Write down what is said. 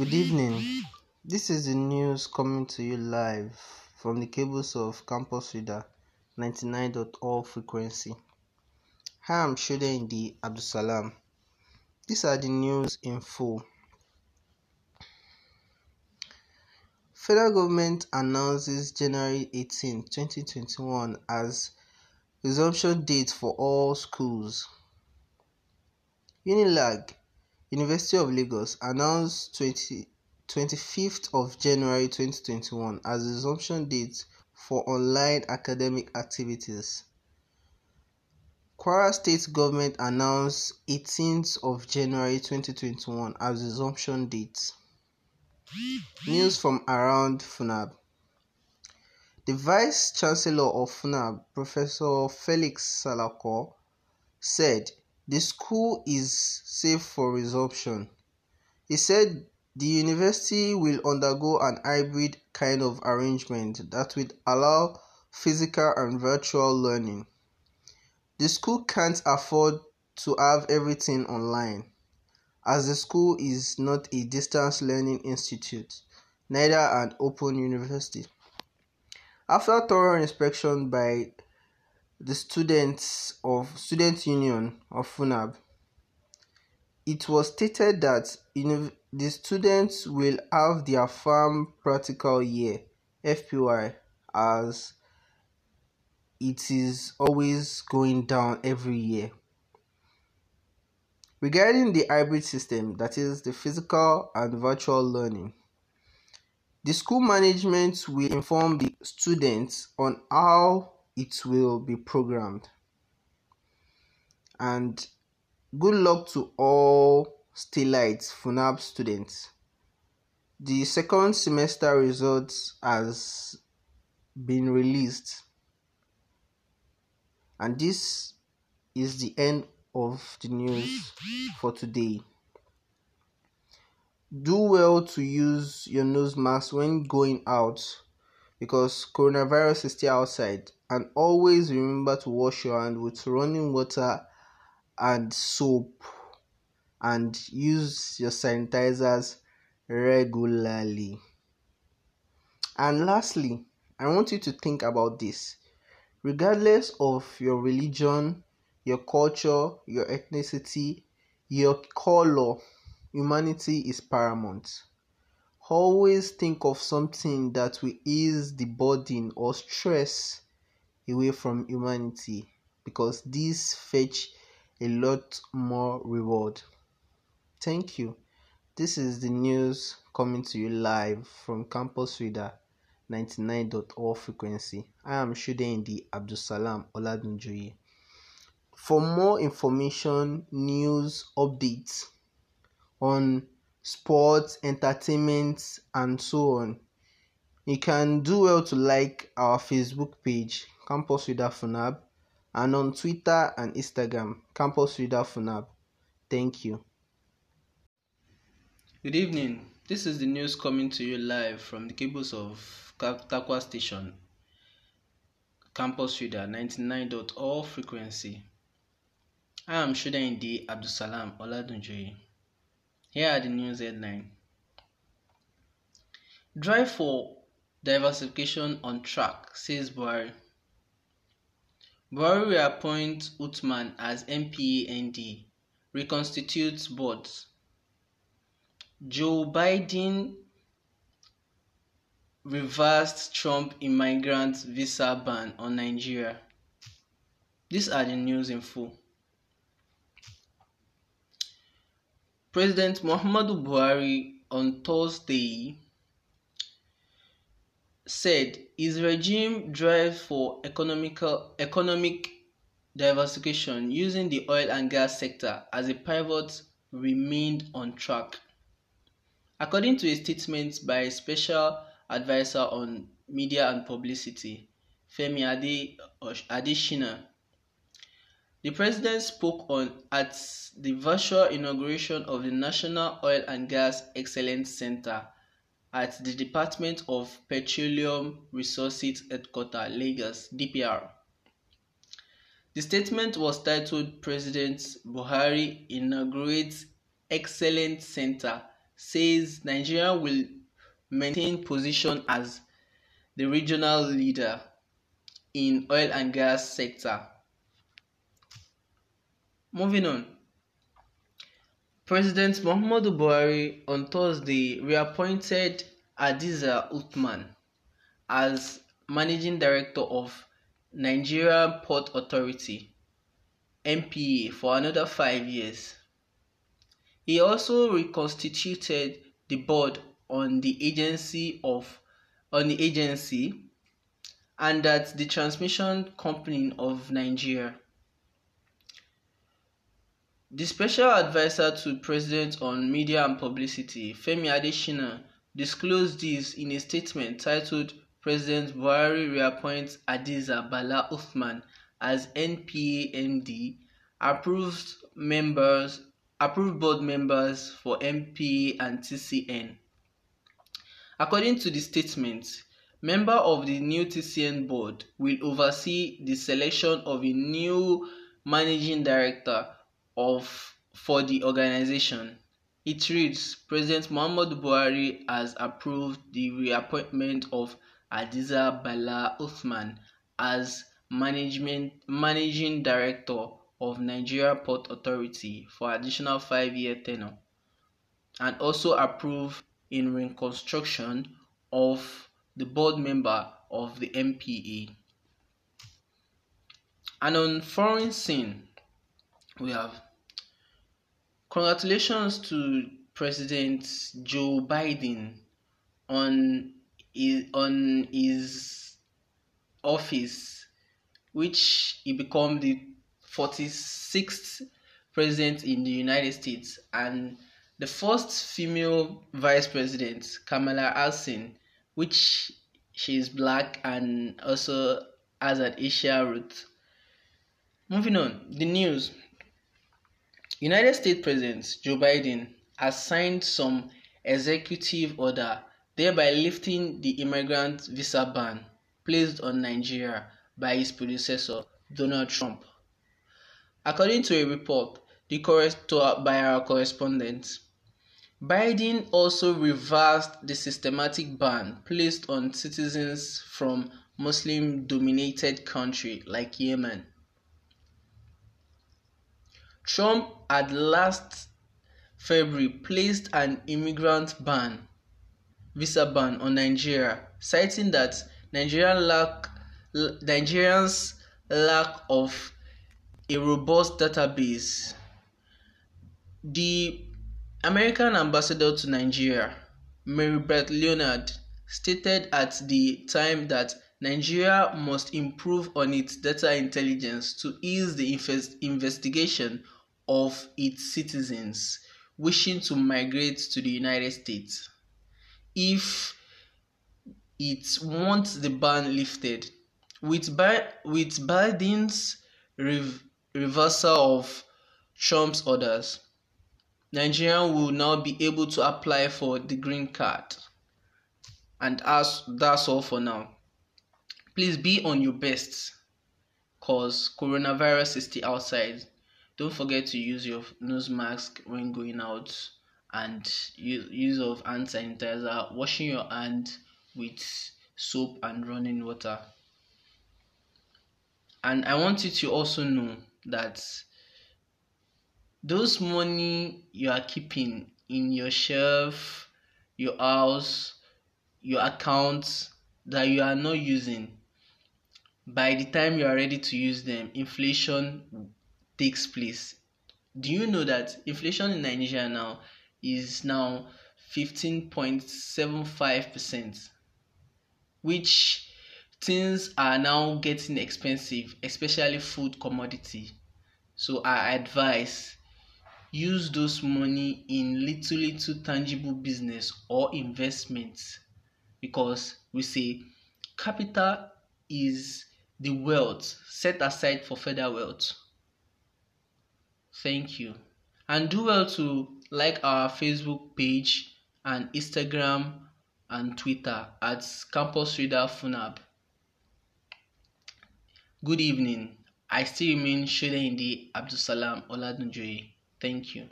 Good evening. This is the news coming to you live from the cables of Campus Reader 99.0 frequency. Hi, I'm Shode Indi Abdusalam. These are the news in full. Federal government announces January 18, 2021 as resumption date for all schools. Unilag University of Lagos announced 20, 25th of January 2021 as the resumption date for online academic activities. Kwara State government announced 18th of January 2021 as resumption date. News from around FUNAB. The Vice Chancellor of FUNAB, Professor Felix Salako, said the school is safe for resumption. He said the university will undergo an hybrid kind of arrangement that will allow physical and virtual learning. The school can't afford to have everything online, as the school is not a distance learning institute, neither an open university. After thorough inspection by the students of Student Union of FUNAB. It was stated that the students will have their farm practical year (FPY) as it is always going down every year. Regarding the hybrid system, that is the physical and virtual learning, the school management will inform the students on how it will be programmed. And good luck to all Stellites FUNAB students. The second semester results has been released. And this is the end of the news for today. Do well to use your nose mask when going out because coronavirus is still outside and always remember to wash your hand with running water and soap and use your sanitizers regularly. And lastly, I want you to think about this. Regardless of your religion, your culture, your ethnicity, your color, humanity is paramount. Always think of something that will ease the burden or stress away from humanity because these fetch a lot more reward. Thank you. This is the news coming to you live from Campus Reader 99.0 frequency. I am Shudendi Abdusalam Oladunjoye. For more information, news, updates on sports, entertainment, and so on, you can do well to like our Facebook page Campus Reader Funab, and on Twitter and Instagram, Campus Reader Funab. Thank you. Good evening. This is the news coming to you live from the cables of Takwa Station, Campus Reader 99.0 frequency. I am Shuda Indi Abdusalam Oladunjoyi. Here are the news headline. Drive for diversification on track, says Buhari. Buhari reappoints Uthman as MPAND reconstitutes board, Joe Biden reversed Trump immigrant visa ban on Nigeria. These are the news in full. President Muhammadu Buhari on Thursday said his regime drive for economical economic diversification using the oil and gas sector as a pivot remained on track. According to a statement by a special advisor on media and publicity, Femi Ade, Adeshina, the president spoke on at the virtual inauguration of the National Oil and Gas Excellence Center at the Department of Petroleum Resources Headquarters, Lagos (DPR). The statement was titled President Buhari inaugurates excellence center says Nigeria will maintain position as the regional leader in oil and gas sector. Moving on. President Muhammadu Buhari on Thursday reappointed Adisa Uthman as Managing Director of Nigerian Port Authority (NPA) for another five years. He also reconstituted the board on the agency of on the agency and that the Transmission Company of Nigeria. The special adviser to president on media and publicity, Femi Adeshina, disclosed this in a statement titled President Buhari reappoints Adisa Bala Uthman as NPA MD, approved members approved board members for MPA and TCN. According to the statement, member of the new TCN board will oversee the selection of a new managing director of for the organization. It reads President Muhammadu Buhari has approved the reappointment of Adiza Bala Uthman as management managing director of Nigeria Port Authority for additional 5-year tenure and also approved in reconstruction of the board member of the MPA. And on foreign scene, we have congratulations to President Joe Biden on his, on his office, which he became the 46th president in the United States and the first female vice president, Kamala Harris, which she is black and also has an Asian root. Moving on, the news. United States President Joe Biden has signed some executive order thereby lifting the immigrant visa ban placed on Nigeria by his predecessor Donald Trump. According to a report the to, by our correspondent, Biden also reversed the systematic ban placed on citizens from Muslim dominated countries like Yemen. Trump at last February placed an immigrant ban (visa ban) on Nigeria, citing that Nigerian lack, Nigerians lack of a robust database. The American ambassador to Nigeria, Mary Beth Leonard, stated at the time that Nigeria must improve on its data intelligence to ease the investigation of its citizens wishing to migrate to the United States if it wants the ban lifted. With, Bi- with Biden's reversal of Trump's orders, Nigerian will now be able to apply for the green card. And as that's all for now. Please be on your best because coronavirus is still outside. Don't forget to use your nose mask when going out and use of hand sanitizer, washing your hand with soap and running water. And I want you to also know that those money you are keeping in your shelf, your house, your accounts that you are not using, by the time you are ready to use them, inflation takes place. Do you know that inflation in Nigeria now is now 15.75%, which things are now getting expensive, especially food commodity. So I advise use those money in little little tangible business or investments because we say capital is the wealth set aside for further wealth. Thank you. And do well to like our Facebook page and Instagram and Twitter at Campus Reader Funab. Good evening. I still remain Shode Indi Abdusalam Oladunjoye. Thank you.